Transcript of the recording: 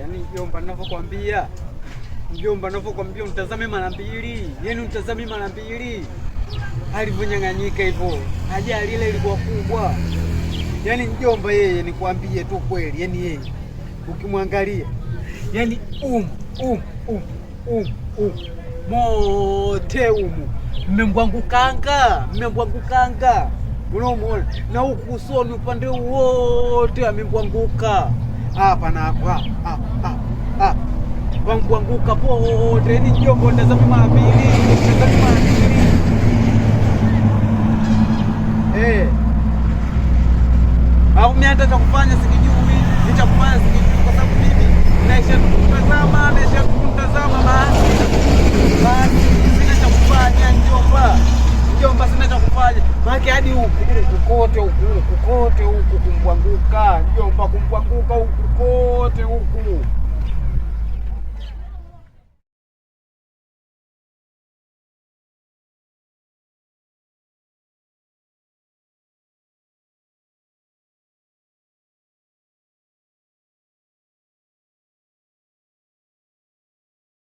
Yaani mjomba ninavyokuambia, mjomba ninavyokuambia, mtazame mara mbili, yaani mtazame mara mbili. Alivyonyang'anyika hivyo, ajali ile ilikuwa kubwa. Yaani mjomba yeye, nikwambie tu kweli, yaani yeye ukimwangalia, yaani um um um um um mote umu mmembwangukanga mmembwangukanga, unamuona na huku ukusoni upande wote amembwanguka hapa na hapa wangu wanguanguka pote ni jongo tazama mapili tazama mapili eh au mimi hata cha kufanya sikijui ni cha kufanya sikijui kwa sababu mimi naisha kutazama naisha kutazama maasi maasi sina cha kufanya njomba njomba sina cha kufanya maana hadi huku kote huku kote huku kumbwanguka njomba kumbwanguka